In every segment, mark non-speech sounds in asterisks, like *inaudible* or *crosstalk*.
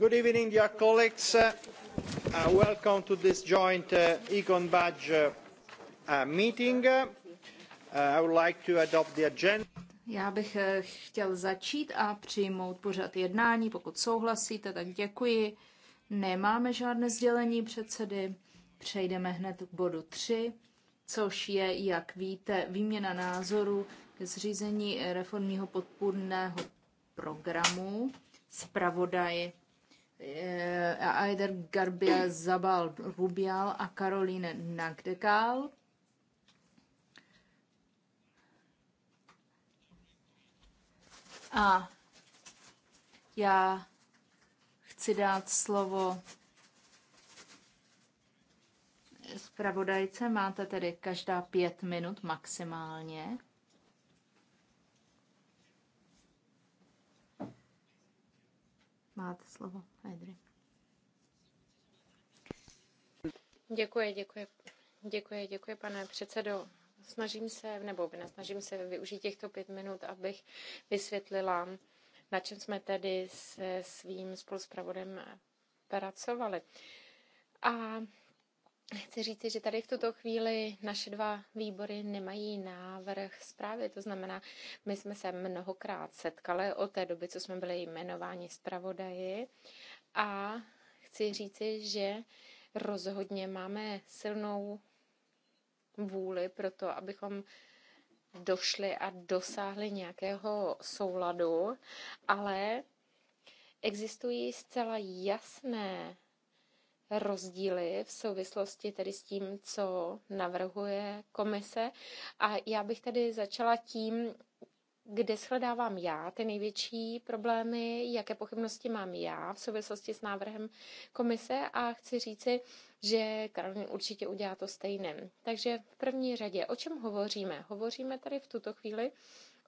Good evening, dear colleagues. Uh, uh welcome to this joint uh, Econ Badge uh, meeting. I would like to adopt the agenda. Já bych eh, chtěl začít a přijmout pořad jednání. Pokud souhlasíte, tak děkuji. Nemáme žádné sdělení předsedy. Přejdeme hned k bodu 3, což je, jak víte, výměna názorů ke zřízení reformního podpůrného programu. Spravodaj Eh, Aider Garbia Zabal Rubial a Caroline Nagdekal. A já chci dát slovo zpravodajce. Máte tedy každá pět minut maximálně. Máte slovo, Edry. Děkuji, děkuji. Děkuji, děkuji, pane předsedo. Snažím se, nebo snažím se využít těchto pět minut, abych vysvětlila, na čem jsme tedy se svým spoluspravodem pracovali. A Chci říci, že tady v tuto chvíli naše dva výbory nemají návrh zprávy, to znamená, my jsme se mnohokrát setkali od té doby, co jsme byli jmenováni zpravodaji a chci říci, že rozhodně máme silnou vůli pro to, abychom došli a dosáhli nějakého souladu, ale existují zcela jasné rozdíly v souvislosti tedy s tím, co navrhuje komise. A já bych tedy začala tím, kde shledávám já ty největší problémy, jaké pochybnosti mám já v souvislosti s návrhem komise a chci říci, že Karolín určitě udělá to stejné. Takže v první řadě, o čem hovoříme? Hovoříme tady v tuto chvíli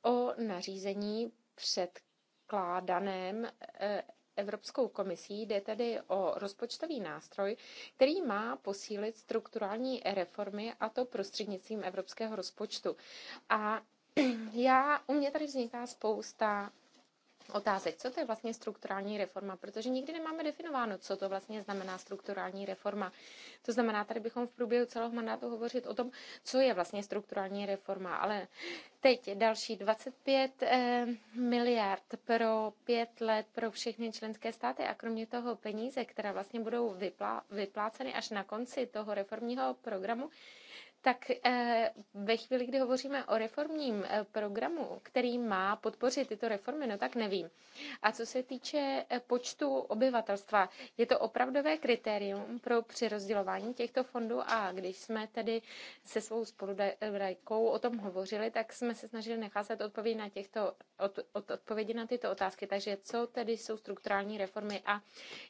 o nařízení předkládaném eh, Evropskou komisí jde tedy o rozpočtový nástroj, který má posílit strukturální reformy a to prostřednictvím evropského rozpočtu. A *clears throat* já, u mě tady vzniká spousta otázek. Co to je vlastně strukturální reforma? Protože nikdy nemáme definováno, co to vlastně znamená strukturální reforma. To znamená, tady bychom v průběhu celého mandátu hovořit o tom, co je vlastně strukturální reforma. Ale teď další 25 eh, miliard pro pět let pro všechny členské státy a kromě toho peníze, které vlastně budou vyplá, vypláceny až na konci toho reformního programu, tak eh, ve chvíli, kdy hovoříme o reformním eh, programu, který má podpořit tyto reformy, no tak nevím. A co se týče eh, počtu obyvatelstva, je to opravdové kritérium pro přirozdělování těchto fondů a když jsme tedy se svou spoludajkou o tom hovořili, tak jsme se snažili nacházet odpovědi na, těchto, od, od, odpovědi na tyto otázky. Takže co tedy jsou strukturální reformy a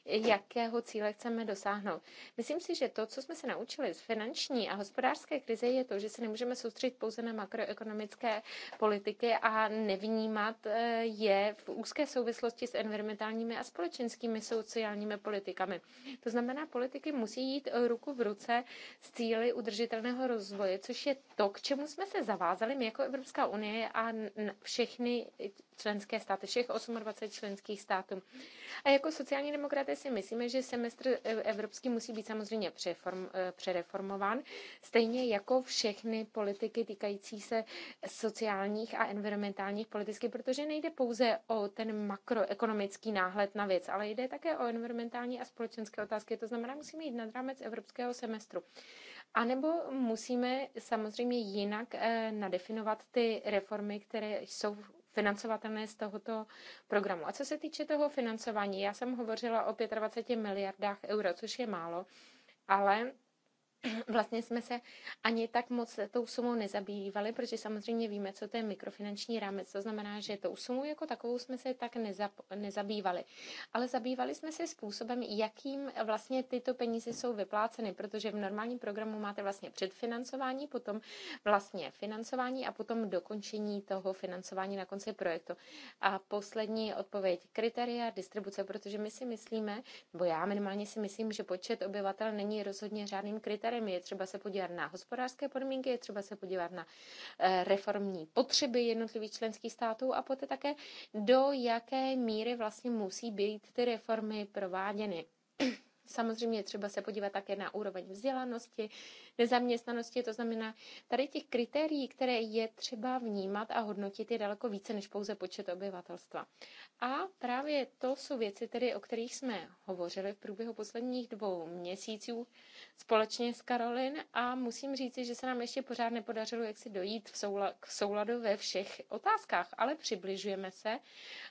jakého cíle chceme dosáhnout? Myslím si, že to, co jsme se naučili z finanční a hospodářské krize je to, že se nemůžeme soustředit pouze na makroekonomické politiky a nevnímat eh, je v úzké souvislosti s environmentálními a společenskými sociálními politikami. To znamená, politiky musí jít ruku v ruce s cíly udržitelného rozvoje, což je to, k čemu jsme se zavázali my jako Evropská unie a všechny členské státy, všech 28 členských států. A jako sociální demokraté si myslíme, že semestr eh, evropský musí být samozřejmě eh, přereformován, stejně jako všechny politiky týkající se sociálních a environmentálních politiky, protože nejde pouze o ten makroekonomický náhled na věc, ale jde také o environmentální a společenské otázky. To znamená, musíme jít nad rámec evropského semestru. A nebo musíme samozřejmě jinak eh, nadefinovat ty reformy, které jsou financovatelné z tohoto programu. A co se týče toho financování, já jsem hovořila o 25 miliardách euro, což je málo, ale *clears throat* vlastně jsme se ani tak moc tou sumou nezabývali, protože samozřejmě víme, co to je mikrofinanční rámec. To znamená, že tou sumou jako takovou jsme se tak nezab, nezabývali. Ale zabývali jsme se způsobem, jakým vlastně tyto peníze jsou vypláceny, protože v normálním programu máte vlastně předfinancování, potom vlastně financování a potom dokončení toho financování na konci projektu. A poslední odpověď, kritéria distribuce, protože my si myslíme, nebo já minimálně si myslím, že počet obyvatel není rozhodně žádným kritériem, směrem. Je třeba se podívat na hospodářské podmínky, je třeba se podívat na eh, reformní potřeby jednotlivých členských států a poté také do jaké míry vlastně musí být ty reformy prováděny. Samozřejmě je třeba se podívat také na úroveň vzdělanosti, nezaměstnanosti, to znamená, tady těch kritérií, které je třeba vnímat a hodnotit, je daleko více než pouze počet obyvatelstva. A právě to jsou věci, tedy, o kterých jsme hovořili v průběhu posledních dvou měsíců společně s Karolin a musím říci, že se nám ještě pořád nepodařilo, jak si dojít v soula- k souladu ve všech otázkách, ale přibližujeme se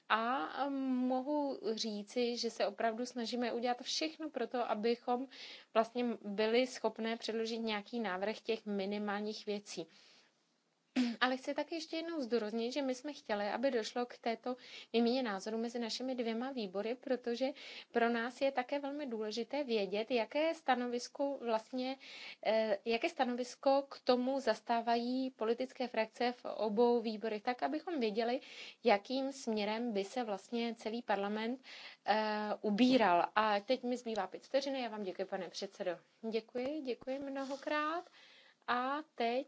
a mohu říci, že se opravdu snažíme udělat všechno pro pro to, abychom vlastně byli schopné předložit nějaký návrh těch minimálních věcí. Mm, ale chci také ještě jednou zdůraznit, že my jsme chtěli, aby došlo k této výměně názoru mezi našimi dvěma výbory, protože pro nás je také velmi důležité vědět, jaké stanovisko vlastně, eh, jaké stanovisko k tomu zastávají politické frakce v obou výborech, tak abychom věděli, jakým směrem by se vlastně celý parlament eh, ubíral. A teď mi zbývá pět vteřiny, já vám děkuji, pane předsedo. Děkuji, děkuji mnohokrát. A teď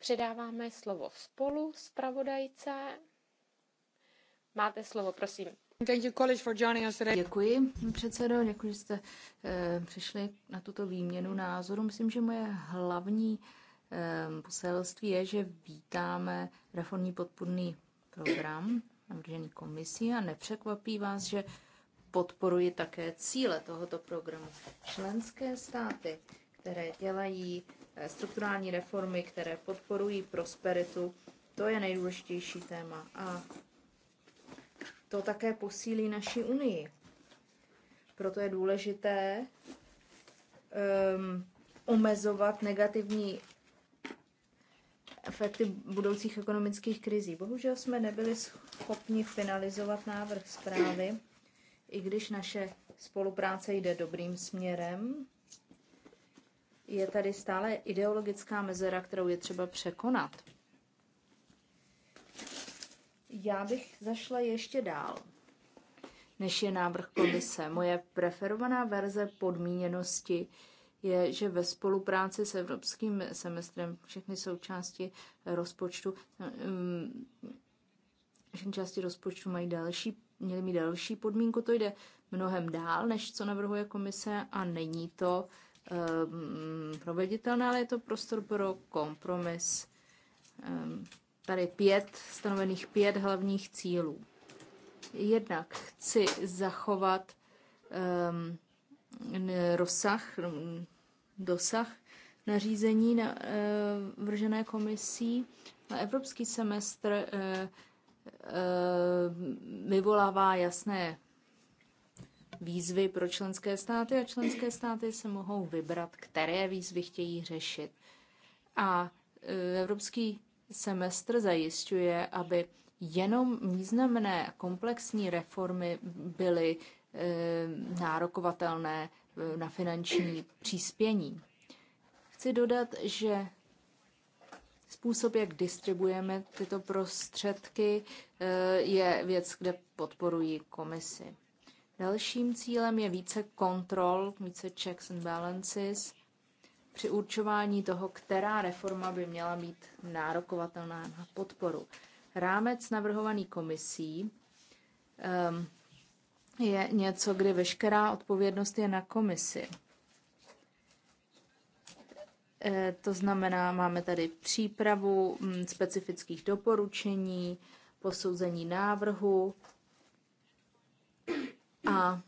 Předáváme slovo spolu zpravodajce. Máte slovo, prosím. Thank you, college, for joining us today. Děkuji, předsedo, děkuji, že jste e, přišli na tuto výměnu názorů. Myslím, že moje hlavní e, poselství je, že vítáme reformní podpůrný program navržený komisí a nepřekvapí vás, že podporuji také cíle tohoto programu. Členské státy, které dělají Eh, strukturální reformy, které podporují prosperitu, to je nejdůležitější téma. A to také posílí naši unii. Proto je důležité um, omezovat negativní efekty budoucích ekonomických krizí. Bohužel jsme nebyli schopni finalizovat návrh zprávy, i když naše spolupráce jde dobrým směrem je tady stále ideologická mezera, kterou je třeba překonat. Já bych zašla ještě dál, než je návrh komise. Moje preferovaná verze podmíněnosti je, že ve spolupráci s evropským semestrem všechny součásti rozpočtu, mm, všechny části rozpočtu mají další, měly mít další podmínku. To jde mnohem dál, než co navrhuje komise a není to uh, Ehm, proveditelné, ale je to prostor pro kompromis. Ehm, tady pět, stanovených pět hlavních cílů. Jednak chci zachovat ehm, rozsah, mm, dosah nařízení na, eh, vržené komisí. Evropský semestr eh, eh, vyvolává jasné výzvy pro členské státy a členské státy se mohou vybrat, které výzvy chtějí řešit. A e, evropský semestr zajišťuje, aby jenom významné komplexní reformy byly e, nárokovatelné e, na finanční příspění. Chci dodat, že způsob, jak distribuujeme tyto prostředky, je věc, kde podporují komisi. Dalším cílem je více kontrol, více checks and balances při určování toho, která reforma by měla být nárokovatelná na podporu. Rámec navrhovaný komisí um, je něco, kdy veškerá odpovědnost je na komisi. Eh, to znamená, máme tady přípravu mm, specifických doporučení, posouzení návrhu, a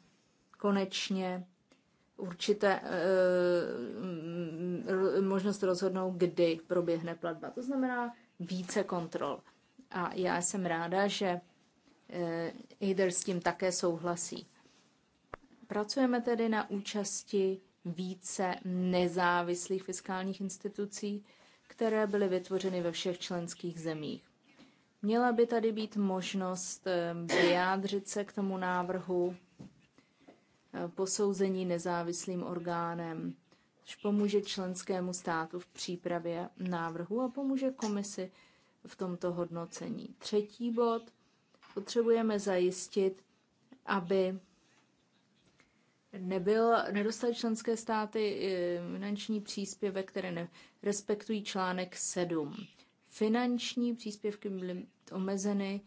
konečně určité e, možnost rozhodnout, kdy proběhne platba. To znamená více kontrol. A já jsem ráda, že e, eh, IDER s tím také souhlasí. Pracujeme tedy na účasti více nezávislých fiskálních institucí, které byly vytvořeny ve všech členských zemích. Měla by tady být možnost eh, vyjádřit se k tomu návrhu posouzení nezávislým orgánem, což pomůže členskému státu v přípravě návrhu a pomůže komisi v tomto hodnocení. Třetí bod. Potřebujeme zajistit, aby nebyl, nedostali členské státy eh, finanční příspěvek, které respektují článek 7. Finanční příspěvky byly omezeny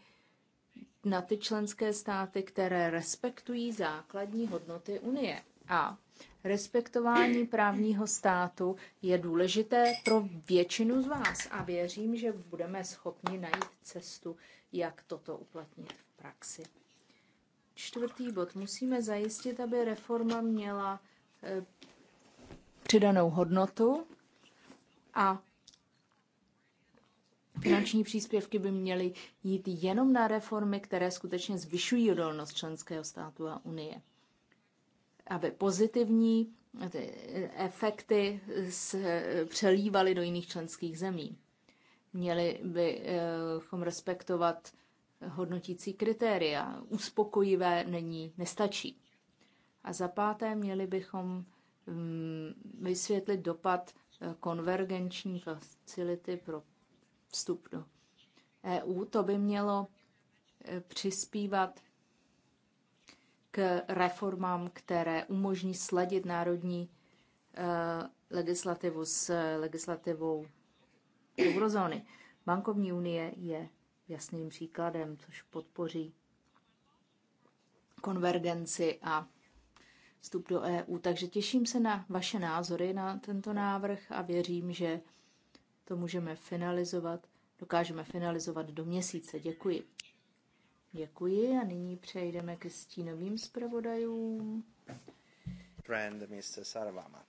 na ty členské státy, které respektují základní hodnoty Unie. A respektování právního státu je důležité pro většinu z vás a věřím, že budeme schopni najít cestu, jak toto uplatnit v praxi. Čtvrtý bod. Musíme zajistit, aby reforma měla eh, přidanou hodnotu a Finanční příspěvky by měly jít jenom na reformy, které skutečně zvyšují odolnost členského státu a Unie. Aby pozitivní ty eh, efekty se eh, přelívaly do jiných členských zemí. Měli bychom respektovat hodnotící kritéria. Uspokojivé není, nestačí. A za páté měli bychom mm, vysvětlit dopad eh, konvergenční facility pro vstup do EU. To by mělo e, přispívat k reformám, které umožní sladit národní e, legislativu s e, legislativou eurozóny. Bankovní unie je jasným příkladem, což podpoří konvergenci a vstup do EU. Takže těším se na vaše názory na tento návrh a věřím, že to můžeme finalizovat, dokážeme finalizovat do měsíce. Děkuji. Děkuji a nyní přejdeme ke stínovým zpravodajům. Friend, Mr. Sarvama.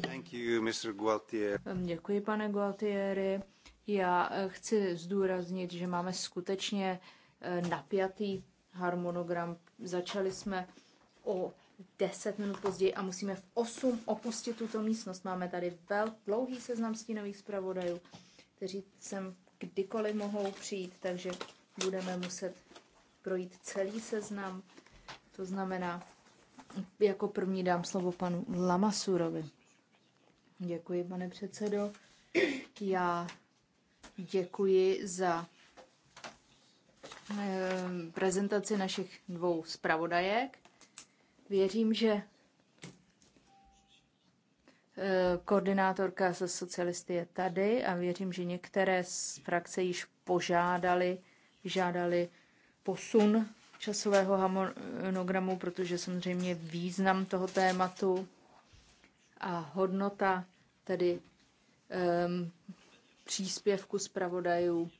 Thank you, Mr. Gualtier. Děkuji, pane Gualtieri. Já eh, chci zdůraznit, že máme skutečně eh, napjatý harmonogram. Začali jsme o 10 minut později a musíme v 8 opustit tuto místnost. Máme tady vel, dlouhý seznam stínových zpravodajů, kteří sem kdykoliv mohou přijít, takže budeme muset projít celý seznam. To znamená, jako první dám slovo panu Lamasurovi. Děkuji, pane předsedo. Já děkuji za eh, prezentaci našich dvou zpravodajek. Věřím, že eh, koordinátorka ze socialisty je tady a věřím, že některé z frakce již požádali, žádali posun časového harmonogramu, protože samozřejmě význam toho tématu a hodnota tedy um, příspěvku zpravodajů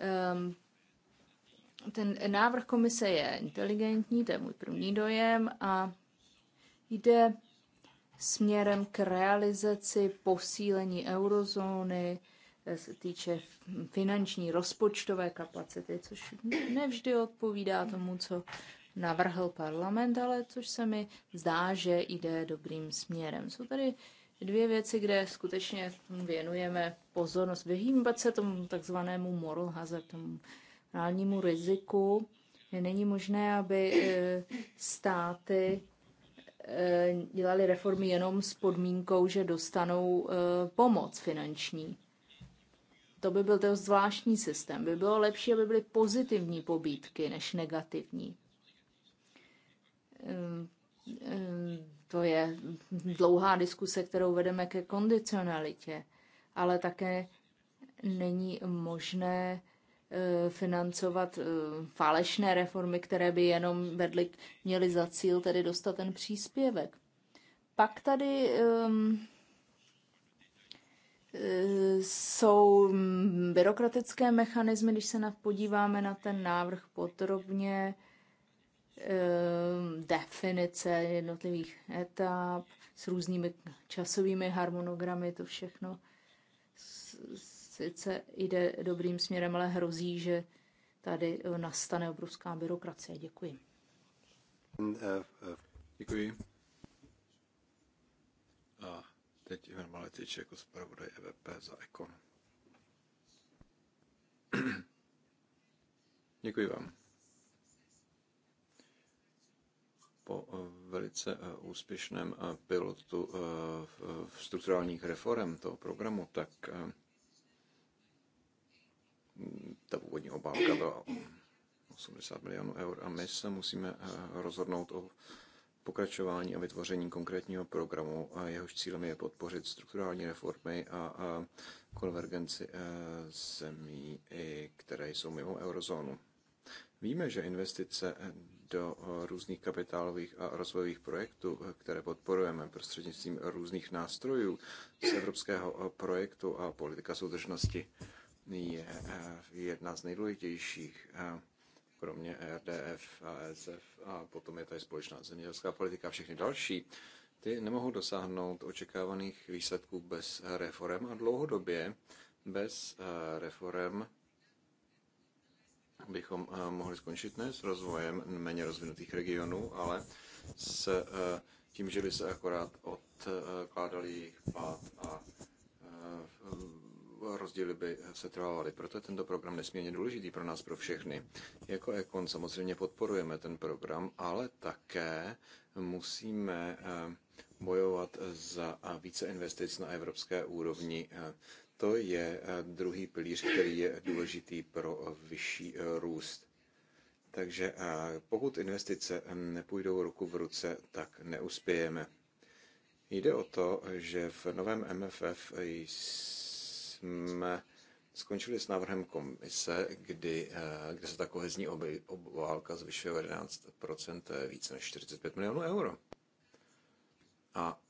um, ten návrh komise je inteligentní, to je můj první dojem, a jde směrem k realizaci posílení eurozóny, eh, se týče finanční rozpočtové kapacity, což nevždy odpovídá tomu, co navrhl parlament, ale což se mi zdá, že jde dobrým směrem. Jsou tady dvě věci, kde skutečně věnujeme pozornost. Vyhýbat se tomu takzvanému moral hazard, tomu nacionálnímu riziku. Není možné, aby e, státy e, dělali reformy jenom s podmínkou, že dostanou e, pomoc finanční. To by byl ten zvláštní systém. By bylo lepší, aby byly pozitivní pobídky než negativní. To je dlouhá diskuse, kterou vedeme ke kondicionalitě, ale také není možné Eh, financovat eh, falešné reformy, které by jenom vedly, měly za cíl tedy dostat ten příspěvek. Pak tady um, jsou mm, byrokratické mechanismy, když se podíváme na ten návrh podrobně, um, definice jednotlivých etap s různými časovými harmonogramy, to všechno s, sice jde dobrým směrem, ale hrozí, že tady eh, nastane obrovská byrokracie. Děkuji. Eh, eh, Děkuji. A teď Ivan Maletič jako zpravodaj EVP za Ekon. *clears throat* Děkuji vám. Po velice úspěšném pilotu v strukturálních reform toho programu, tak ta původní obálka byla 80 milionů eur a my se musíme eh, rozhodnout o pokračování a vytvoření konkrétního programu. A jehož cílem je podpořit strukturální reformy a konvergenci eh, zemí, které jsou mimo eurozónu. Víme, že investice do eh, různých kapitálových a rozvojových projektů, které podporujeme prostřednictvím různých nástrojů z evropského projektu a politika soudržnosti, je eh, jedna z nejdůležitějších, eh, kromě RDF a ESF a potom je tady společná zemědělská politika a všechny další, ty nemohou dosáhnout očekávaných výsledků bez reform a dlouhodobě bez eh, reform bychom mohli skončit ne s rozvojem méně rozvinutých regionů, ale s tím, že by se akorát odkládali jejich pád a rozdíly by se trvávaly. Proto je tento program nesmírně důležitý pro nás, pro všechny. Jako Ekon samozřejmě podporujeme ten program, ale také musíme eh, bojovat za eh, více investic na evropské úrovni. Eh, to je druhý pilíř, který je důležitý pro vyšší růst. Takže pokud investice nepůjdou ruku v ruce, tak neuspějeme. Jde o to, že v novém MFF jsme skončili s návrhem komise, kdy, eh, kde se ta kohezní oby, obválka zvyšuje o 11%, to více než 45 milionů euro. A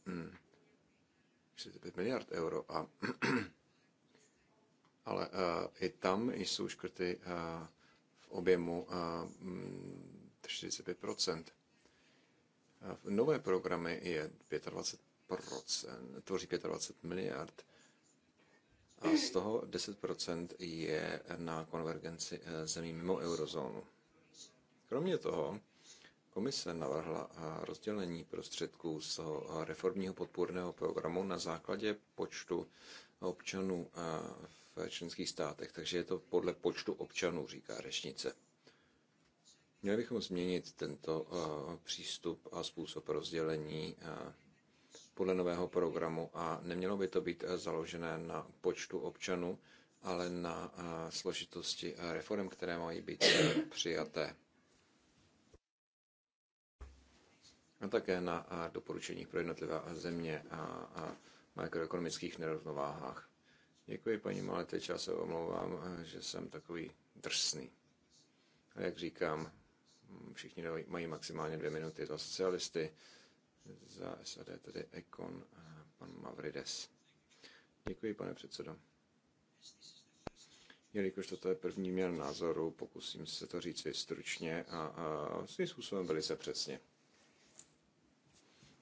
45 hm, miliard euro. A, *clears throat* ale uh, i tam jsou škrty uh, v objemu uh, 45%. Hm, v nové programy je 25%, tvoří 25 miliard a z toho 10% je na konvergenci eh, zemí mimo eurozónu. Kromě toho, komise navrhla eh, rozdělení prostředků z eh, reformního podpůrného programu na základě počtu občanů v členských státech, takže je to podle počtu občanů, říká řečnice. Měli bychom změnit tento přístup a způsob rozdělení podle nového programu a nemělo by to být eh, založené na počtu občanů, ale na eh, složitosti eh, reform, které mají být přijaté. A také na doporučeních pro jednotlivé země a makroekonomických nerovnováhách. Děkuji, paní Malete, já se omlouvám, že jsem takový drsný. A jak říkám, všichni mají maximálně dvě minuty za socialisty za SAD, tedy Ekon, pan Mavrides. Děkuji, pane předsedo. Jelikož toto je první měr názoru, pokusím se to říct stručně a, a svým způsobem velice přesně.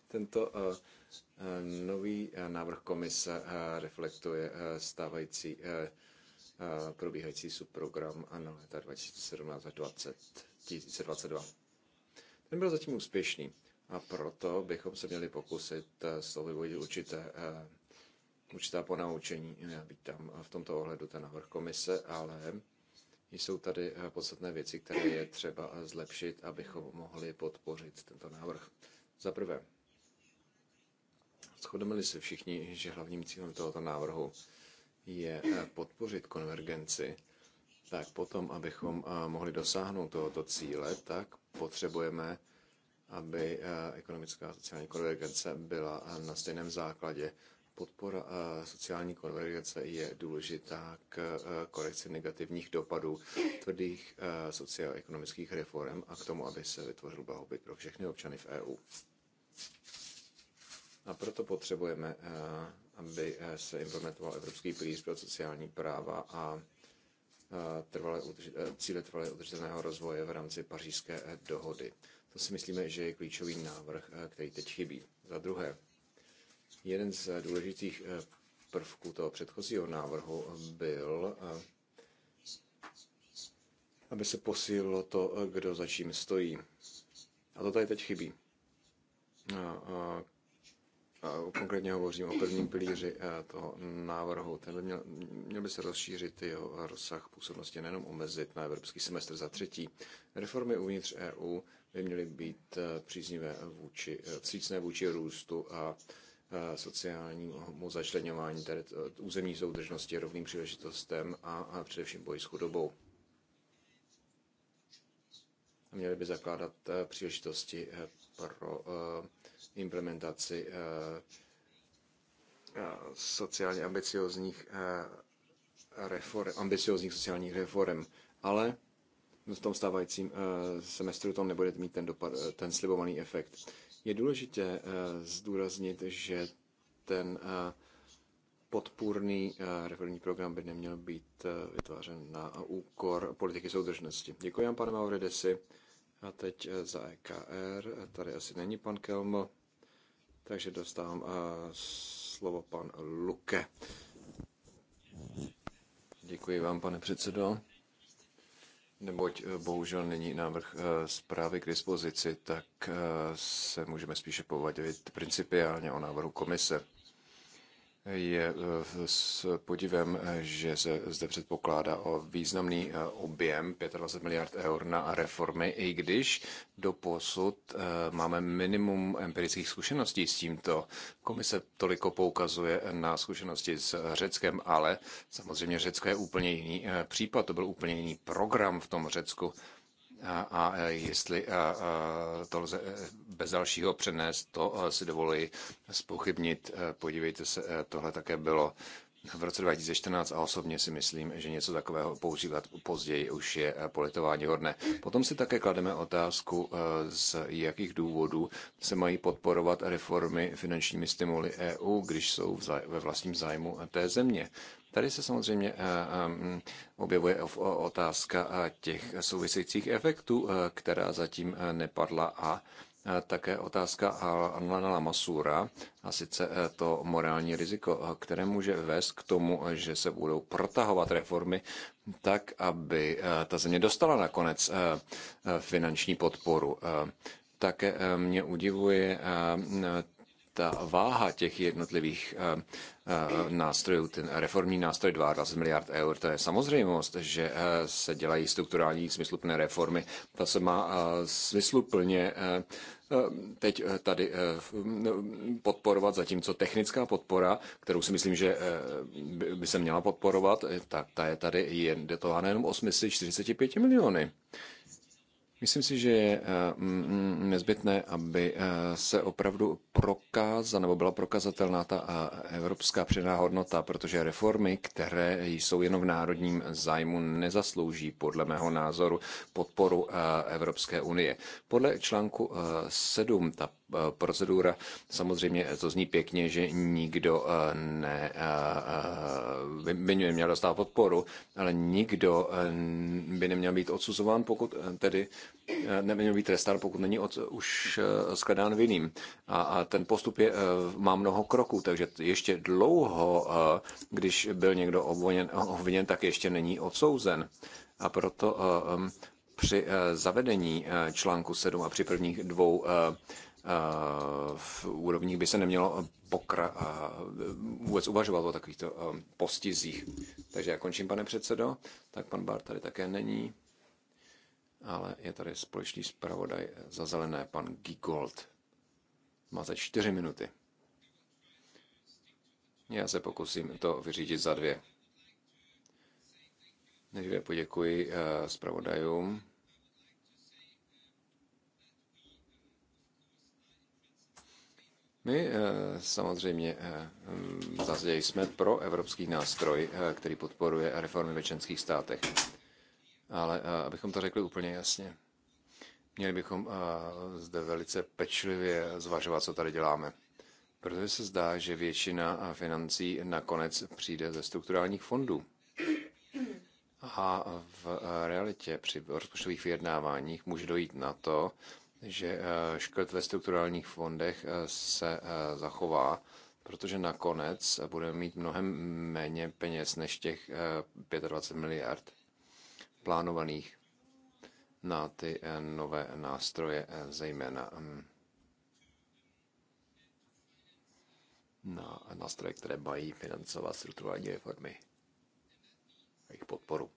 Tento a, nový návrh komise reflektuje stávající probíhající subprogram na léta 2017 2022. Ten byl zatím úspěšný. A proto bychom se měli pokusit eh, z toho vyvodit určité, eh, určitá ponaučení. Já bych tam eh, v tomto ohledu ten návrh komise, ale jsou tady podstatné věci, které je třeba zlepšit, abychom mohli podpořit tento návrh. Za prvé, shodeme-li se všichni, že hlavním cílem tohoto návrhu je podpořit konvergenci, tak potom, abychom mohli dosáhnout tohoto cíle, tak potřebujeme aby eh, ekonomická a sociální konvergence byla eh, na stejném základě. Podpora eh, sociální konvergence je důležitá k korekci negativních dopadů tvrdých socioekonomických reform a k tomu, aby se vytvořil blahobyt pro všechny občany v EU. A proto potřebujeme, aby se implementoval Evropský pilíř pro sociální práva a trvalé, cíle trvalé udržitelného rozvoje v rámci pařížské dohody. To si myslíme, že je klíčový návrh, eh, který teď chybí. Za druhé, jeden z eh, důležitých eh, prvků toho předchozího návrhu byl, aby se posílilo to, kdo za čím stojí. A to tady teď chybí. A, a, a konkrétně hovořím o prvním pilíři toho návrhu. Ten by měl, měl by se rozšířit jeho rozsah působnosti, nejenom omezit na evropský semestr za třetí. Reformy uvnitř EU by měly být eh, příznivé vůči, eh, vstřícné vůči růstu a eh, sociálnímu tedy územní soudržnosti, rovným příležitostem a, a především boji s chudobou. Měly by zakládat příležitosti pro implementaci sociálně ambiciozních reform, ambiciozních sociálních reform, ale v tom stávajícím eh, semestru to nebude mít ten, dopad, eh, ten slibovaný efekt. Je důležité eh, zdůraznit, že ten podpůrný reformní program by neměl být vytvářen na úkor politiky soudržnosti. Děkuji vám, pane Mauridesi. A teď za EKR, tady asi není pan Kelmo, takže dostávám slovo pan Luke. Děkuji vám, pane předsedo neboť eh, bohužel není návrh eh, zprávy k dispozici, tak eh, se můžeme spíše povadit principiálně o návrhu komise. Je eh, s podivem, eh, že se zde předpokládá o významný eh, objem 25 miliard eur na reformy, i když do posud máme minimum empirických zkušeností s tímto. Komise toliko poukazuje na zkušenosti s Řeckem, ale samozřejmě Řecko je úplně jiný případ, to byl úplně jiný program v tom Řecku a jestli to lze e, bez dalšího přenést, to e, si dovoluji spochybnit. E, podívejte se, tohle také bylo v roce 2014 a osobně si myslím, že něco takového používat později už je politování hodné. Potom si také klademe otázku, z jakých důvodů se mají podporovat reformy finančními stimuly EU, když jsou ve vlastním zájmu té země. Tady se samozřejmě eh, eh, objevuje otázka eh, těch souvisejících efektů, která zatím nepadla a také otázka Alana Masura, a sice to morální riziko, které může vést k tomu, že se budou protahovat reformy tak, aby ta země dostala nakonec finanční podporu. Také mě udivuje ta váha těch jednotlivých eh, eh, nástrojů, ten reformní nástroj 22 miliard eur, to je samozřejmost, že eh, se dělají strukturální smysluplné reformy. Ta se má smysluplně teď tady no, podporovat, zatímco technická podpora, kterou si myslím, že by se měla podporovat, tak ta je tady jen detována jenom 845 miliony. Myslím si, že je eh, nezbytné, aby eh, se opravdu prokázala nebo byla prokazatelná ta eh, evropská přidaná hodnota, protože reformy, které jsou jenom v národním zájmu, nezaslouží podle mého názoru podporu Evropské unie. Podle článku 7 ta Eh, procedura. Samozřejmě to zní pěkně, že nikdo eh, ne, eh, by neměl dostat podporu, ale nikdo by neměl být odsuzován, pokud tedy neměl být trestán, pokud není od, už skladán vinným. A, a ten postup je, má mnoho kroků, takže ještě dlouho, když byl někdo obviněn, obviněn tak ještě není odsouzen. A proto při zavedení článku 7 a při prvních dvou v úrovních by se nemělo eh, pokra- eh, vůbec uvažovat o takovýchto eh, postizích. Takže já končím, pane předsedo. Tak pan Bart tady také není, ale je tady společný zpravodaj za zelené, pan Gigold. Máte čtyři minuty. Já se pokusím to vyřídit za dvě. Než poděkuji zpravodajům. Uh, My eh, samozřejmě eh, hm, zase jsme pro evropský nástroj, eh, který podporuje reformy ve členských státech. Ale abychom to řekli úplně jasně, měli bychom zde velice pečlivě zvažovat, co tady děláme. Protože se zdá, že většina financí nakonec přijde ze strukturálních fondů. A v realitě při rozpočtových vyjednáváních může dojít na to, že eh, škrt ve strukturálních fondech eh, se eh, zachová, protože nakonec budeme mít mnohem méně peněz než těch 25 miliard plánovaných na ty nové nástroje, zejména mm, na nástroje, které mají financovat strukturální reformy a jejich podporu.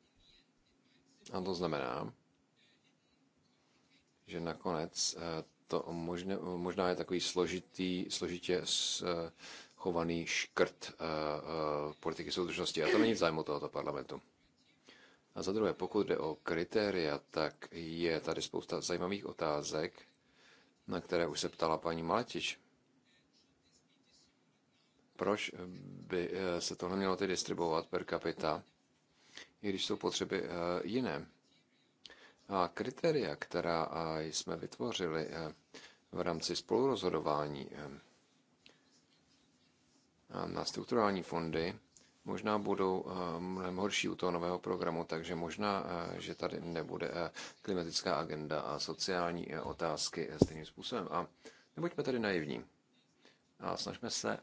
A to znamená, že nakonec eh, to možné, možná je takový složitý, složitě eh, chovaný škrt eh, politiky soudržnosti. A to není v zájmu tohoto parlamentu. A za druhé, pokud jde o kritéria, tak je tady spousta zajímavých otázek, na které už se ptala paní Maletič. Proč by se tohle mělo tedy distribuovat per capita, i když jsou potřeby jiné? A kritéria, která jsme vytvořili e, v rámci spolurozhodování e, na strukturální fondy, možná budou e, mnohem horší u toho nového programu, takže možná, že tady nebude klimatická agenda a sociální otázky stejným způsobem. A nebuďme tady naivní. A snažme se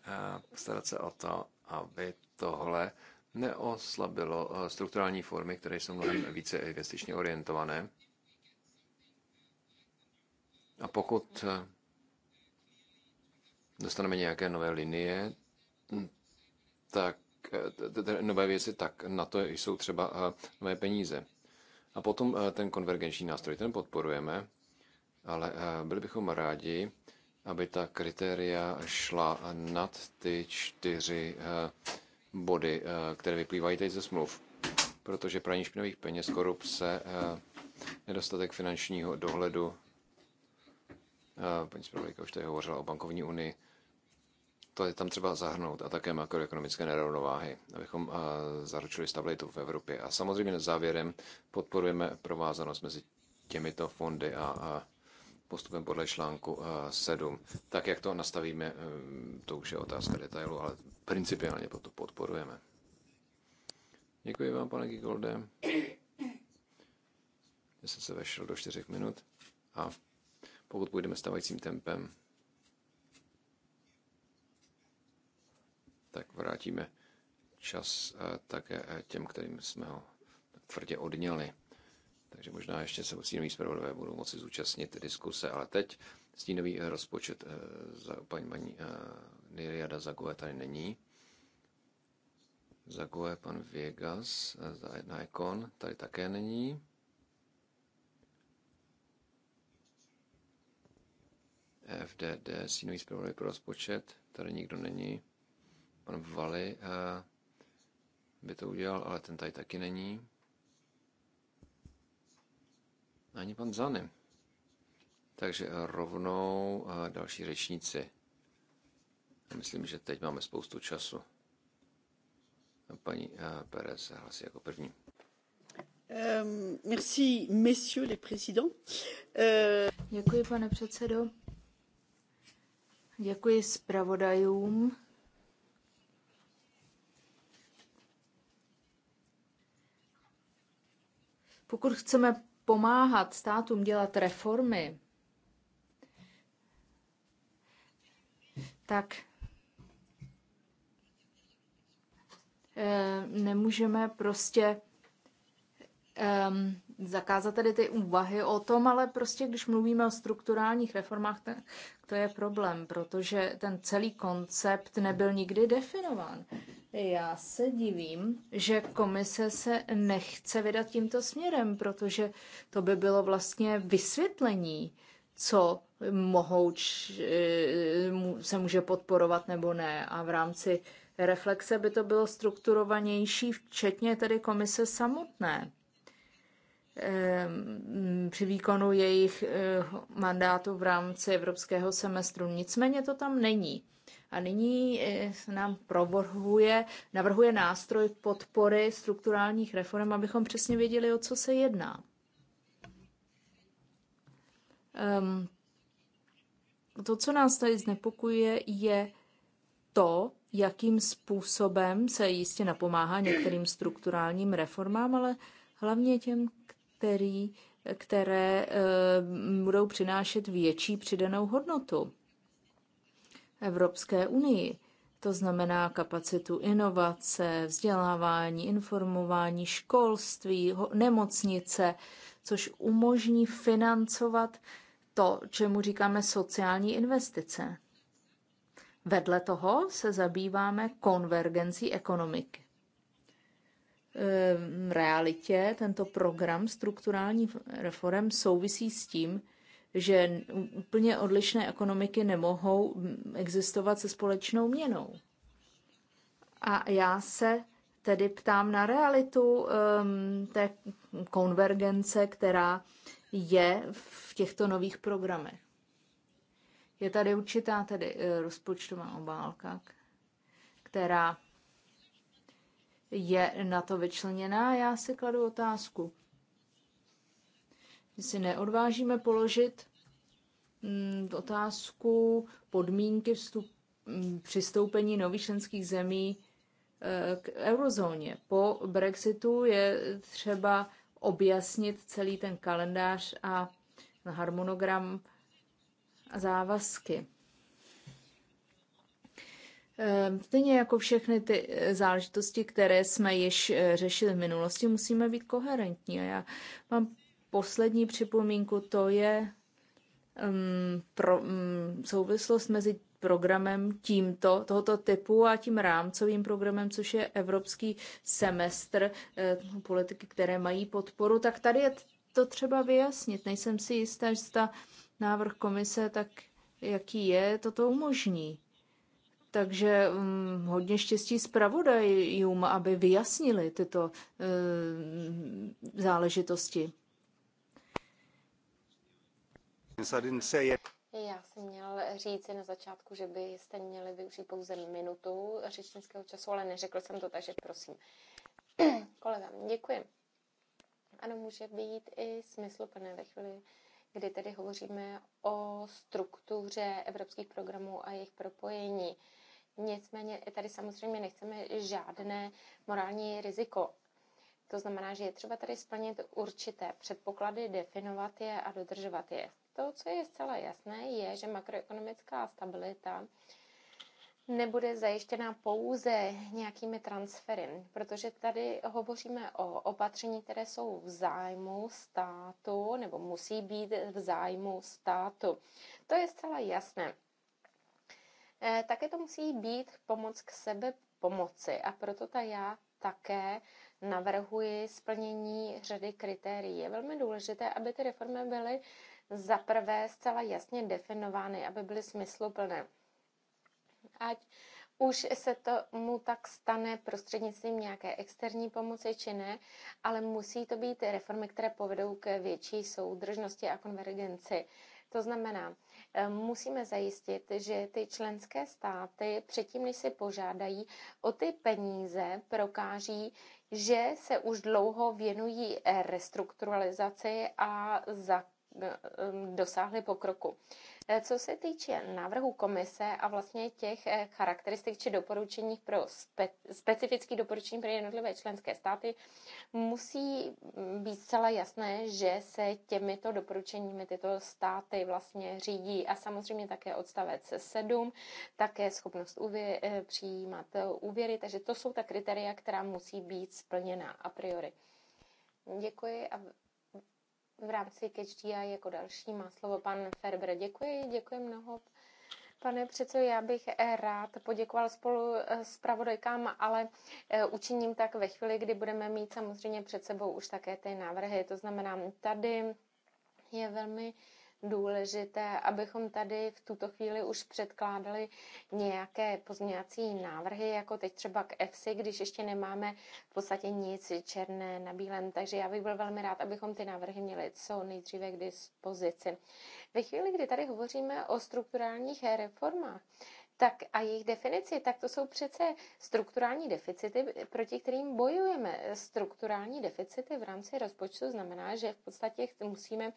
starat se o to, aby tohle neoslabilo eh, strukturální formy, které jsou mnohem více investičně orientované. A pokud eh, dostaneme nějaké nové linie, mm, tak eh, nové věci, tak na to jsou třeba nové peníze. A potom ten konvergenční nástroj, ten podporujeme, ale byli bychom rádi, aby ta kritéria šla nad ty čtyři body, eh, které vyplývají teď ze smluv. Protože praní špinavých peněz, korupce, eh, nedostatek finančního dohledu, eh, paní zpravodajka už tady hovořila o bankovní unii, to je tam třeba zahrnout a také makroekonomické nerovnováhy, abychom zaručili stabilitu v Evropě. A samozřejmě závěrem podporujeme provázanost mezi těmito fondy a, a postupem podle článku 7. Eh, tak, jak to nastavíme, eh, to už je otázka detailu, ale principiálně to podporujeme. Děkuji vám, pane Gigolde. Já jsem se vešel do 4 minut a pokud půjdeme stavajícím tempem, tak vrátíme čas eh, také těm, kterým jsme ho tvrdě odněli. Takže možná ještě se stínoví zpravodové budou moci zúčastnit diskuse, ale teď stínový eh, rozpočet eh, za paní, paní eh, Niriada Zagoe tady není. Zagoe pan Vegas jedna ikon tady také není. FDD, stínový zpravodaj pro rozpočet, tady nikdo není. Pan Vali by to udělal, ale ten tady taky není ani pan Zany. Takže rovnou eh, další řečníci. Myslím, že teď máme spoustu času. Paní eh, Perez se hlasí jako první. Ehm, merci, messieurs les présidents. Eh, Děkuji, pane předsedo. Děkuji zpravodajům. Pokud chceme pomáhat státům dělat reformy, tak eh, nemůžeme prostě um, zakázat tedy ty úvahy o tom, ale prostě když mluvíme o strukturálních reformách, tak to je problém, protože ten celý koncept nebyl nikdy definován. Já se divím, že komise se nechce vydat tímto směrem, protože to by bylo vlastně vysvětlení, co mohou, eh, se může podporovat nebo ne. A v rámci reflexe by to bylo strukturovanější, včetně tedy komise samotné. Ehm, mm, při výkonu jejich eh, mandátu v rámci evropského semestru. Nicméně to tam není. A nyní eh, nám provrhuje, navrhuje nástroj podpory strukturálních reform, abychom přesně věděli, o co se jedná. Um, to, co nás tady znepokuje, je to, jakým způsobem se jistě napomáhá některým strukturálním reformám, ale hlavně těm, který, které eh, budou přinášet větší přidanou hodnotu Evropské unii. To znamená kapacitu inovace, vzdělávání, informování, školství, nemocnice, což umožní financovat to, čemu říkáme sociální investice. Vedle toho se zabýváme konvergencí ekonomiky realitě tento program strukturální reform souvisí s tím, že úplně odlišné ekonomiky nemohou existovat se společnou měnou. A já se tedy ptám na realitu um, té konvergence, která je v těchto nových programech. Je tady určitá tedy eh, rozpočtová obálka, která je na to vyčleněná. Já si kladu otázku. My si neodvážíme položit mm, otázku podmínky vstup, mm, přistoupení nových členských zemí e, k eurozóně. Po Brexitu je třeba objasnit celý ten kalendář a harmonogram a závazky. Ehm, stejně jako všechny ty eh, záležitosti, které jsme již eh, řešili v minulosti, musíme být koherentní. A já mám poslední připomínku, to je um, pro, um, souvislost mezi programem tímto, tohoto typu a tím rámcovým programem, což je evropský semestr eh, politiky, které mají podporu, tak tady je to třeba vyjasnit. Nejsem si jistá, že ta návrh komise, tak jaký je, toto umožní. Takže hm, hodně štěstí zpravodajům, aby vyjasnili tyto hm, záležitosti. Já jsem měl říct na začátku, že byste měli využít pouze minutu řečnického času, ale neřekl jsem to, takže prosím. *clears throat* Kolega, děkuji. Ano, může být i smysluplné ve chvíli, kdy tedy hovoříme o struktuře evropských programů a jejich propojení. Nicméně tady samozřejmě nechceme žádné morální riziko. To znamená, že je třeba tady splnit určité předpoklady, definovat je a dodržovat je. To, co je zcela jasné, je, že makroekonomická stabilita nebude zajištěna pouze nějakými transfery, protože tady hovoříme o opatření, které jsou v zájmu státu nebo musí být v zájmu státu. To je zcela jasné. Eh, také to musí být pomoc k sebe pomoci. A proto ta já také navrhuji splnění řady kritérií. Je velmi důležité, aby ty reformy byly zaprvé zcela jasně definovány, aby byly smysluplné. Ať už se to mu tak stane prostřednictvím nějaké externí pomoci či ne, ale musí to být reformy, které povedou k větší soudržnosti a konvergenci. To znamená, eh, musíme zajistit, že ty členské státy předtím, než si požádají o ty peníze, prokáží, že se už dlouho věnují restrukturalizaci a za, eh, eh, dosáhli pokroku. E, co se týče návrhu komise a vlastně těch e, charakteristik či doporučení pro spe, specifický doporučení pro jednotlivé členské státy, musí být zcela jasné, že se těmito doporučeními tyto státy vlastně řídí a samozřejmě také odstavec 7, také schopnost uvě, e, přijímat úvěry, takže to jsou ta kritéria, která musí být splněna a priori. Děkuji a v rámci KHDI jako další má slovo pan Ferber. Děkuji, děkuji mnoho. Pane předsedo, já bych rád poděkoval spolu s eh, pravodajkám, ale eh, učiním tak ve chvíli, kdy budeme mít samozřejmě před sebou už také ty návrhy. To znamená, tady je velmi důležité, abychom tady v tuto chvíli už předkládali nějaké pozměňovací návrhy, jako teď třeba k EFSI, když ještě nemáme v podstatě nic černé na bílém. Takže já bych byl velmi rád, abychom ty návrhy měli co nejdříve k dispozici. Ve chvíli, kdy tady hovoříme o strukturálních reformách, tak a jejich definici, tak to jsou přece strukturální deficity, proti kterým bojujeme. Strukturální deficity v rámci rozpočtu znamená, že v podstatě musíme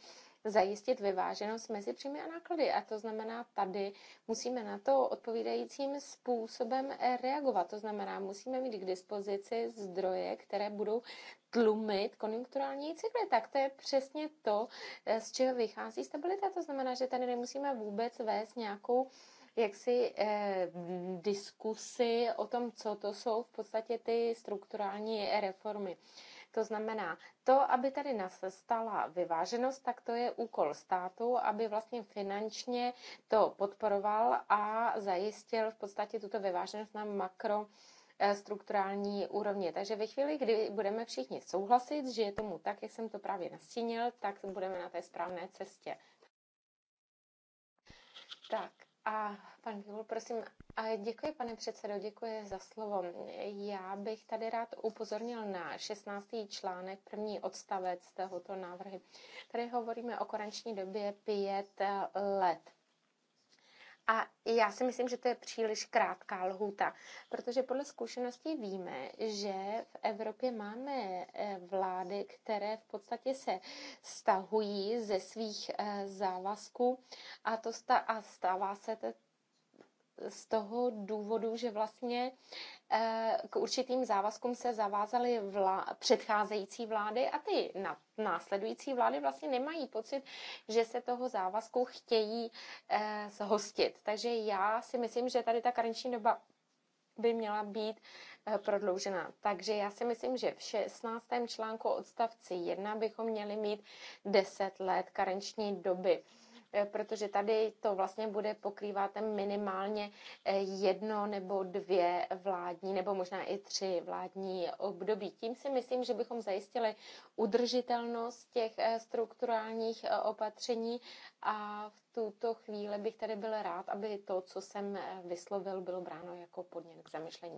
zajistit vyváženost mezi příjmy a náklady. A to znamená, tady musíme na to odpovídajícím způsobem reagovat. To znamená, musíme mít k dispozici zdroje, které budou tlumit konjunkturální cykly. Tak to je přesně to, eh, z čeho vychází stabilita. To znamená, že tady nemusíme vůbec vést nějakou jaksi eh, diskusy o tom, co to jsou v podstatě ty strukturální reformy. Eh, to znamená, to, aby tady nastala vyváženost, tak to je úkol státu, aby vlastně finančně to podporoval a zajistil v podstatě tuto vyváženost na makro eh, strukturální úrovni. Takže ve chvíli, kdy budeme všichni souhlasit, že je tomu tak, jak jsem to právě nastínil, tak budeme na té správné cestě. Tak, a pan Vigul, prosím, a děkuji, pane předsedo, děkuji za slovo. Já bych tady rád upozornil na 16. článek, první odstavec tohoto návrhu. Tady hovoříme o koranční době pět let. A já si myslím, že to je příliš krátká lhůta, protože podle zkušeností víme, že v Evropě máme eh, vlády, které v podstatě se stahují ze svých eh, závazků a, to sta- a stává se z toho důvodu, že vlastně eh, k určitým závazkům se zavázaly vlá, předcházející vlády a ty na, následující vlády vlastně nemají pocit, že se toho závazku chtějí eh, zhostit. Takže já si myslím, že tady ta karenční doba by měla být eh, prodloužena. Takže já si myslím, že v 16. článku odstavci 1 bychom měli mít 10 let karenční doby. Eh, protože tady to vlastně bude pokrývat minimálně eh, jedno nebo dvě vládní, nebo možná i tři vládní období. Tím si myslím, že bychom zajistili udržitelnost těch eh, strukturálních opatření a v tuto chvíli bych tady byl rád, aby to, co jsem vyslovil, bylo bráno jako podnět k zamyšlení.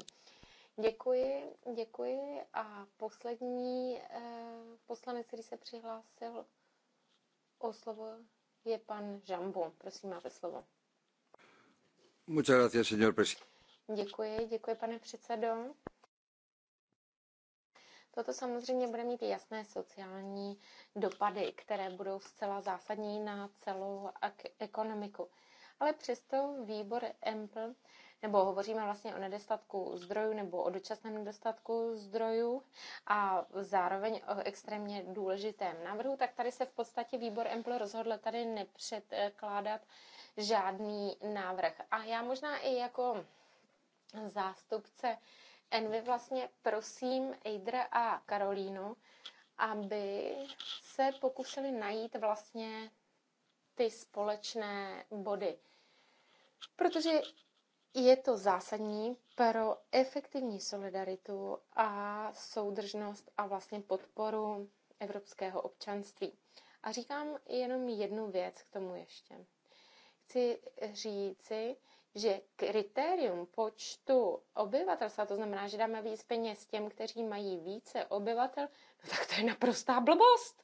Děkuji, děkuji. A poslední eh, poslanec, který se přihlásil o slovo, je pan Žambu. Prosím, máte slovo. Muchas Děkuji, děkuji, pane předsedo. Toto samozřejmě bude mít jasné sociální dopady, které budou zcela zásadní na celou ekonomiku. Ale přesto výbor EMPL nebo hovoříme vlastně o nedostatku zdrojů nebo o dočasném nedostatku zdrojů a zároveň o extrémně důležitém návrhu, tak tady se v podstatě výbor EMPL rozhodl tady nepředkládat žádný návrh. A já možná i jako zástupce Envy vlastně prosím Eidra a Karolínu, aby se pokusili najít vlastně ty společné body. Protože je to zásadní pro efektivní solidaritu a soudržnost a vlastně podporu evropského občanství. A říkám jenom jednu věc k tomu ještě. Chci říci, že kritérium počtu obyvatelstva, to znamená, že dáme víc peněz těm, kteří mají více obyvatel, no tak to je naprostá blbost.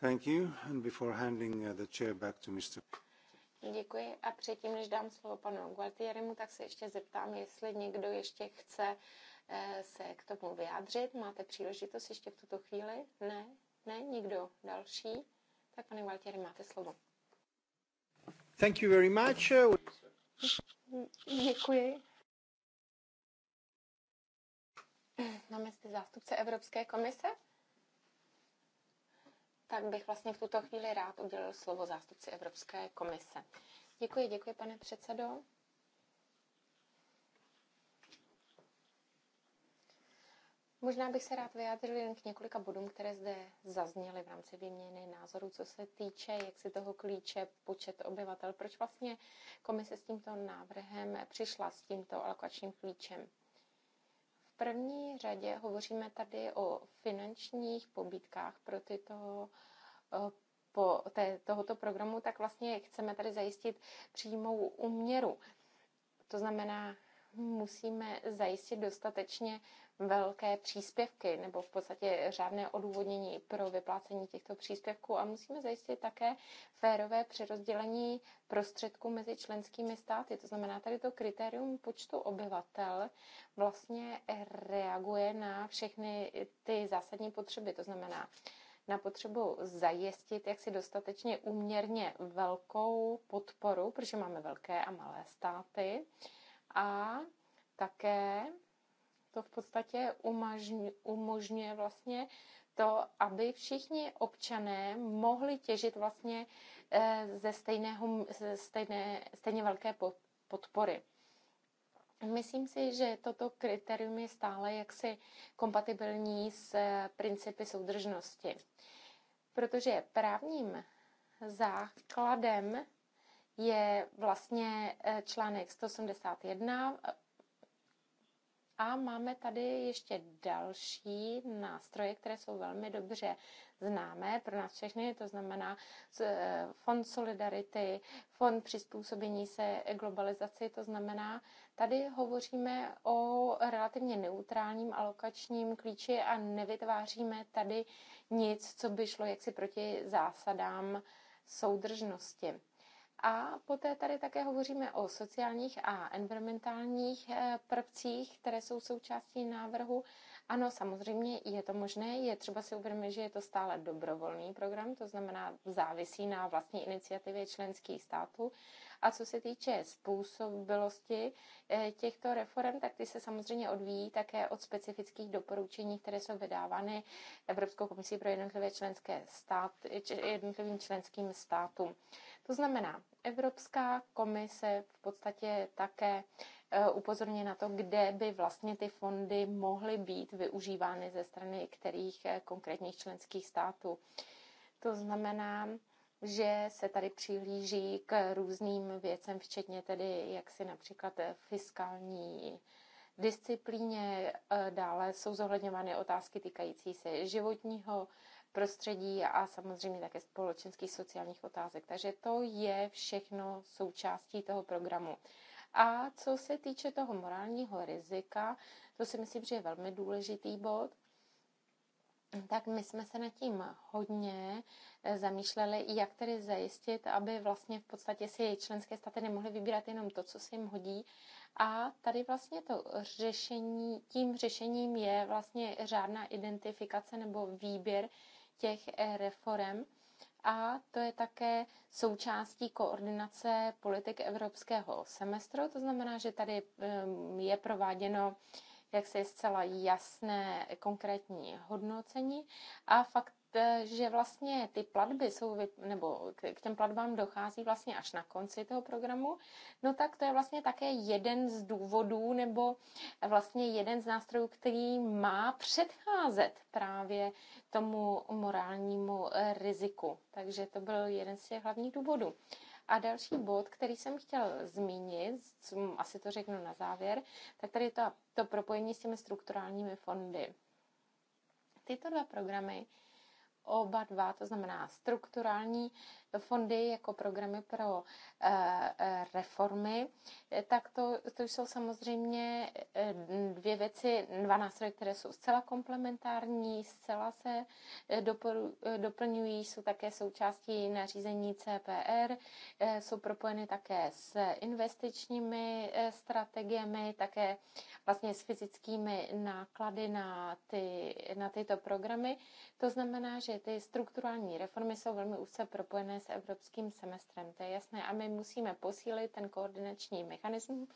Thank you. And before handing uh, the chair back to Mr. Děkuji a předtím, než dám slovo panu Gualtierimu, tak se ještě zeptám, jestli někdo ještě chce eh, se k tomu vyjádřit. Máte příležitost ještě v tuto chvíli? Ne? Ne? Nikdo další? Tak pane Gualtieri, máte slovo. Thank you very much. Děkuji. Máme zde zástupce Evropské komise tak bych vlastně v tuto chvíli rád udělil slovo zástupci Evropské komise. Děkuji, děkuji, pane předsedo. Možná bych se rád vyjádřil jen k několika bodům, které zde zazněly v rámci výměny názorů, co se týče, jak si toho klíče počet obyvatel. Proč vlastně komise s tímto návrhem přišla s tímto alokačním klíčem? první řadě hovoříme tady o finančních pobídkách pro tyto eh, po té, tohoto programu, tak vlastně chceme tady zajistit přímou uměru. To znamená, musíme zajistit dostatečně velké příspěvky nebo v podstatě řádné odůvodnění pro vyplácení těchto příspěvků a musíme zajistit také férové přerozdělení prostředků mezi členskými státy. To znamená, tady to kritérium počtu obyvatel vlastně reaguje na všechny ty zásadní potřeby. To znamená, na potřebu zajistit jaksi dostatečně úměrně velkou podporu, protože máme velké a malé státy. A také to v podstatě umožňuje, umožňuje vlastně to, aby všichni občané mohli těžit vlastně eh, ze, stejného, ze stejné, stejně velké podpory. Myslím si, že toto kritérium je stále jaksi kompatibilní s eh, principy soudržnosti, protože právním základem je vlastně eh, článek 181 a máme tady ještě další nástroje, které jsou velmi dobře známé pro nás všechny, to znamená eh, Fond Solidarity, Fond přizpůsobení se globalizaci, to znamená, tady hovoříme o relativně neutrálním alokačním klíči a nevytváříme tady nic, co by šlo jaksi proti zásadám soudržnosti. A poté tady také hovoříme o sociálních a environmentálních eh, prvcích, které jsou součástí návrhu. Ano, samozřejmě je to možné, je třeba si uvědomit, že je to stále dobrovolný program, to znamená závisí na vlastní iniciativě členských států. A co se týče způsobilosti eh, těchto reform, tak ty se samozřejmě odvíjí také od specifických doporučení, které jsou vydávány Evropskou komisí pro jednotlivé členské státy, jednotlivým členským státům. To znamená, Evropská komise v podstatě také eh, upozorně na to, kde by vlastně ty fondy mohly být využívány ze strany kterých eh, konkrétních členských států. To znamená, že se tady přihlíží k různým věcem, včetně tedy jaksi například eh, fiskální disciplíně. Dále jsou zohledňovány otázky týkající se životního prostředí a samozřejmě také společenských sociálních otázek. Takže to je všechno součástí toho programu. A co se týče toho morálního rizika, to si myslím, že je velmi důležitý bod, tak my jsme se nad tím hodně eh, zamýšleli, jak tedy zajistit, aby vlastně v podstatě si členské státy nemohly vybírat jenom to, co se jim hodí. A tady vlastně to řešení, tím řešením je vlastně řádná identifikace nebo výběr těch eh, reform a to je také součástí koordinace politik evropského semestru. To znamená, že tady ehm, je prováděno jak se je zcela jasné konkrétní hodnocení a fakt E, že vlastně ty platby jsou, nebo k těm platbám dochází vlastně až na konci toho programu, no tak to je vlastně také jeden z důvodů, nebo vlastně jeden z nástrojů, který má předcházet právě tomu morálnímu e, riziku. Takže to byl jeden z těch hlavních důvodů. A další bod, který jsem chtěl zmínit, asi to řeknu na závěr, tak tady je to, to propojení s těmi strukturálními fondy. Tyto dva programy oba dva, to znamená strukturální fondy jako programy pro eh, eh, reformy, tak to, to jsou samozřejmě eh, dvě věci, dva nástroje, které jsou zcela komplementární, zcela se doporu, doplňují, jsou také součástí nařízení CPR, jsou propojeny také s investičními strategiemi, také vlastně s fyzickými náklady na, ty, na tyto programy. To znamená, že že ty strukturální reformy jsou velmi úzce propojené s evropským semestrem. To je jasné a my musíme posílit ten koordinační mechanismus,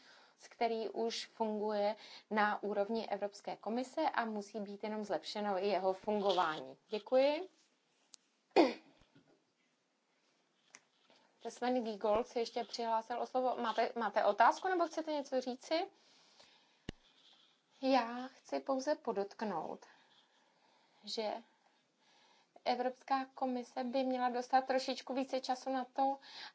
který už funguje na úrovni Evropské komise a musí být jenom zlepšeno i jeho fungování. Děkuji. Sven *clears throat* Gigol se ještě přihlásil o slovo. Máte, máte otázku nebo chcete něco říci? Já chci pouze podotknout, že Evropská komise by měla dostat trošičku více času na to,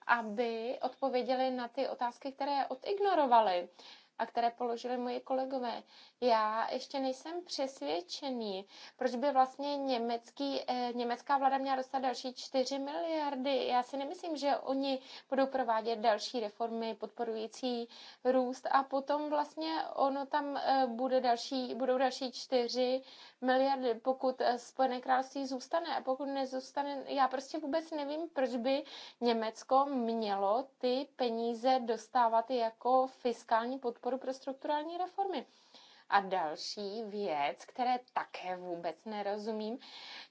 aby odpověděli na ty otázky, které odignorovali a které položili moji kolegové. Já ještě nejsem přesvědčený, proč by vlastně německý, eh, německá vláda měla dostat další 4 miliardy. Já si nemyslím, že oni budou provádět další reformy podporující růst a potom vlastně ono tam eh, bude další, budou další 4 miliardy, pokud eh, Spojené království zůstane a pokud nezůstane, já prostě vůbec nevím, proč by Německo mělo ty peníze dostávat jako fiskální podporu výboru pro strukturální reformy. A další věc, které také vůbec nerozumím,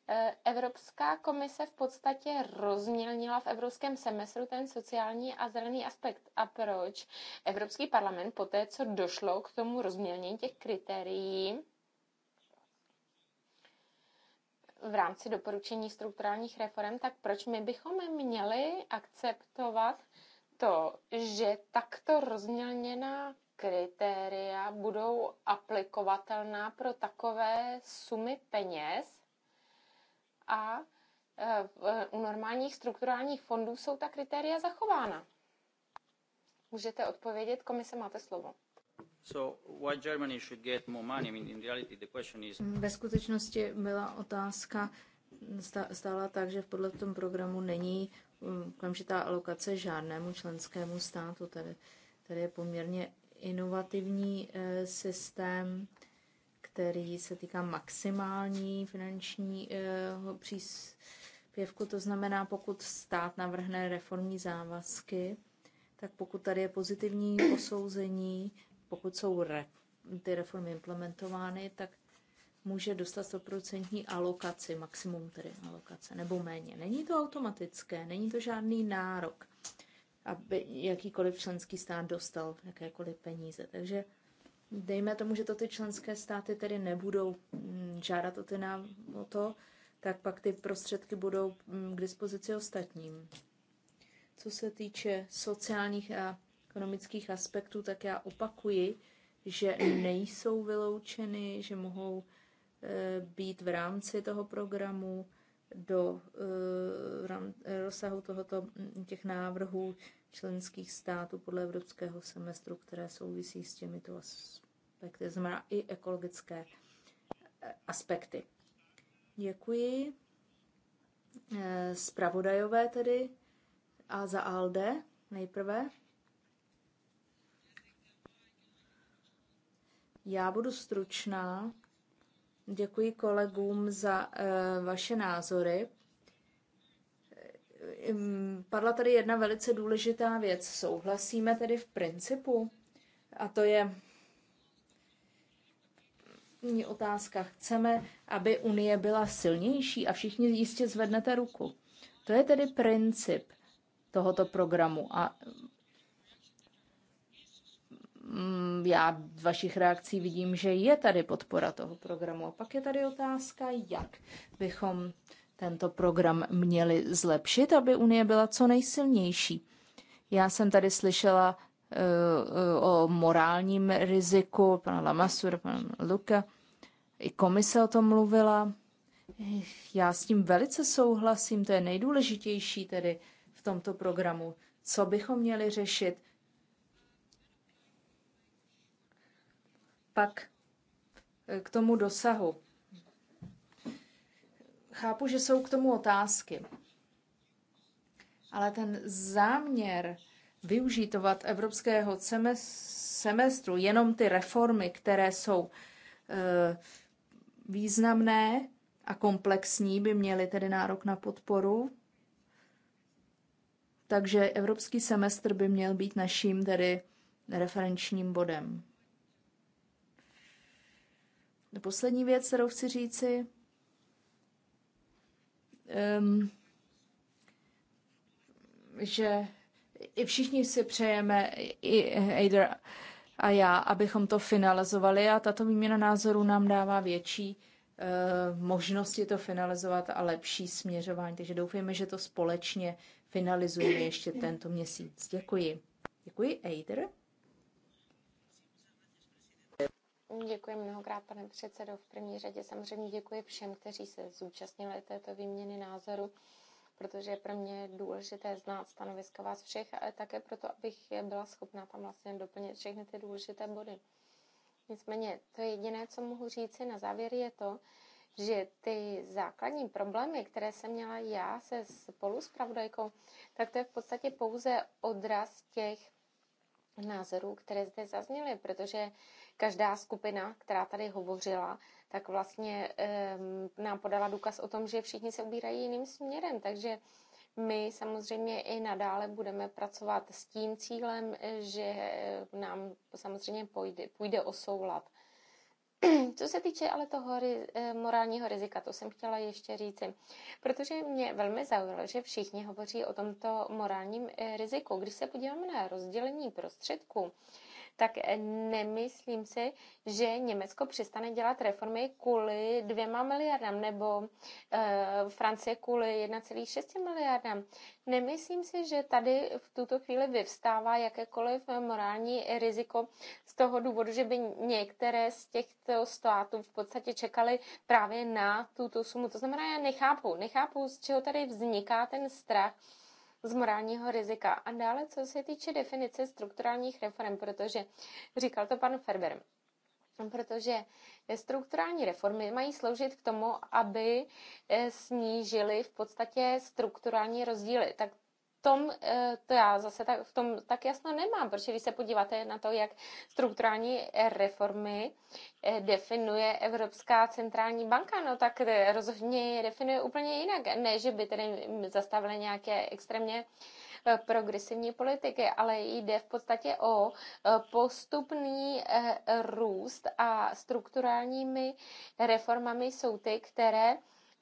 eh, Evropská komise v podstatě rozmělnila v evropském semestru ten sociální a zelený aspekt. A proč Evropský parlament po té, co došlo k tomu rozmělnění těch kritérií, v rámci doporučení strukturálních reform, tak proč my bychom měli akceptovat to, že takto rozmělněná kritéria budou aplikovatelná pro takové sumy peněz a e, u normálních strukturálních fondů jsou ta kritéria zachována. Můžete odpovědět, komise máte slovo. Ve skutečnosti byla otázka stála tak, že podle tom programu není um, okamžitá alokace žádnému členskému státu. Tady, tady je poměrně inovativní eh, systém, který se týká maximální finančního příspěvku. To znamená, pokud stát navrhne reformní závazky, tak pokud tady je pozitivní posouzení, pokud jsou re, ty reformy implementovány, tak může dostat 100% alokaci, maximum tedy alokace, nebo méně. Není to automatické, není to žádný nárok aby jakýkoliv členský stát dostal jakékoliv peníze. Takže dejme tomu, že to ty členské státy tedy nebudou mm, žádat o, ty nám, o to, tak pak ty prostředky budou mm, k dispozici ostatním. Co se týče sociálních a ekonomických aspektů, tak já opakuji, že nejsou vyloučeny, že mohou e, být v rámci toho programu do eh, eh, rozsahu tohoto, mm, těch návrhů členských států podle evropského semestru, které souvisí s těmito aspekty, znamená i ekologické eh, aspekty. Děkuji. Spravodajové tedy a za ALDE nejprve. Já budu stručná. Děkuji kolegům za eh, vaše názory. Ehm, padla tady jedna velice důležitá věc. Souhlasíme tedy v principu, a to je otázka. Chceme, aby Unie byla silnější a všichni jistě zvednete ruku. To je tedy princip tohoto programu a Mm, já z vašich reakcí vidím, že je tady podpora toho programu. A pak je tady otázka, jak bychom tento program měli zlepšit, aby Unie byla co nejsilnější. Já jsem tady slyšela eh, eh, o morálním riziku pana Lamasur, pana Luka. I komise o tom mluvila. Eh, já s tím velice souhlasím, to je nejdůležitější tedy v tomto programu. Co bychom měli řešit? pak eh, k tomu dosahu. Chápu, že jsou k tomu otázky, ale ten záměr využitovat evropského semestru jenom ty reformy, které jsou eh, významné a komplexní, by měly tedy nárok na podporu. Takže evropský semestr by měl být naším tedy referenčním bodem. A poslední věc, kterou chci říci, um, že i všichni si přejeme, i Eider a já, abychom to finalizovali a tato výměna názorů nám dává větší uh, možnosti to finalizovat a lepší směřování. Takže doufejme, že to společně finalizujeme ještě tento měsíc. Děkuji. Děkuji, Eider. Děkuji mnohokrát, pane předsedo. V první řadě samozřejmě děkuji všem, kteří se zúčastnili této výměny názoru, protože je pro mě důležité znát stanoviska vás všech, ale také proto, abych byla schopná tam vlastně doplnit všechny ty důležité body. Nicméně to jediné, co mohu říci na závěr, je to, že ty základní problémy, které jsem měla já se spolu s pravdajkou, tak to je v podstatě pouze odraz těch názorů, které zde zazněly, protože každá skupina, která tady hovořila, tak vlastně nám podala důkaz o tom, že všichni se ubírají jiným směrem. Takže my samozřejmě i nadále budeme pracovat s tím cílem, e, že e, nám samozřejmě půjde, půjde o soulad. *clears throat* Co se týče ale toho e, morálního rizika, to jsem chtěla ještě říci, protože mě velmi zaujalo, že všichni hovoří o tomto morálním riziku. Když se podíváme na rozdělení prostředků, tak eh, nemyslím si, že Německo přestane dělat reformy kvůli dvěma miliardám nebo e, Francie kvůli 1,6 miliardám. Nemyslím si, že tady v tuto chvíli vyvstává jakékoliv morální riziko z toho důvodu, že by některé z těchto států v podstatě čekaly právě na tuto sumu. To znamená, já nechápu, nechápu, z čeho tady vzniká ten strach, z morálního rizika. A dále, co se týče definice strukturálních reform, protože říkal to pan Ferber, protože strukturální reformy mají sloužit k tomu, aby eh, snížily v podstatě strukturální rozdíly. Tak tom eh, to já zase tak, v tom tak jasno nemám, protože když se podíváte na to, jak strukturální reformy eh, definuje Evropská centrální banka, no tak eh, rozhodně je definuje úplně jinak. Ne, že by tedy zastavili nějaké extrémně progresivní politiky, ale jde v podstatě o postupný růst a strukturálními reformami jsou ty, které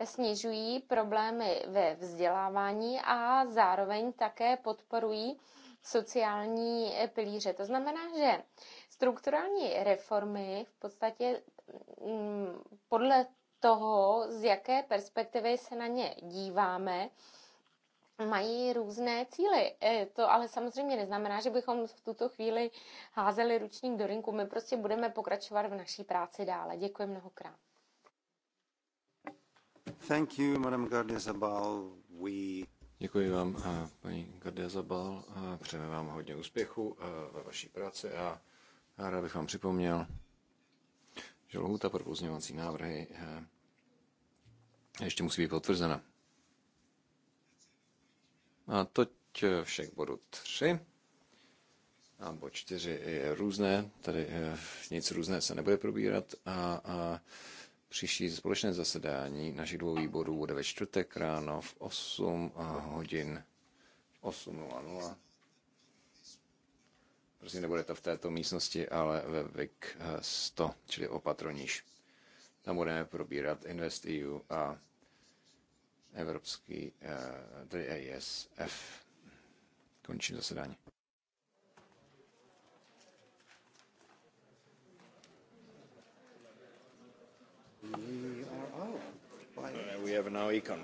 snižují problémy ve vzdělávání a zároveň také podporují sociální eh, pilíře. To znamená, že strukturální reformy v podstatě mm, podle toho, z jaké perspektivy se na ně díváme, mají různé cíly. Eh, to ale samozřejmě neznamená, že bychom v tuto chvíli házeli ručník do rinku. My prostě budeme pokračovat v naší práci dále. Děkuji mnohokrát. Děkuji vám, paní Guardia Zabal. Přejeme vám hodně úspěchu ve vaší práci a rád bych vám připomněl, že lhůta pro pozměňovací návrhy eh, ještě musí být potvrzena. A toť eh, všech bodu 3. A bod 4 je různé, tady eh, nic různé se nebude probírat. A, a Příští společné zasedání našich dvou výborů bude ve čtvrtek ráno v 8 hodin 8.00. Prosím, nebude to v této místnosti, ale ve VIC 100, čili opatroníž. Tam budeme probírat InvestEU a evropský, eh, DASF. EISF. Končím zasedání. We are out. By... Uh, we have now econ.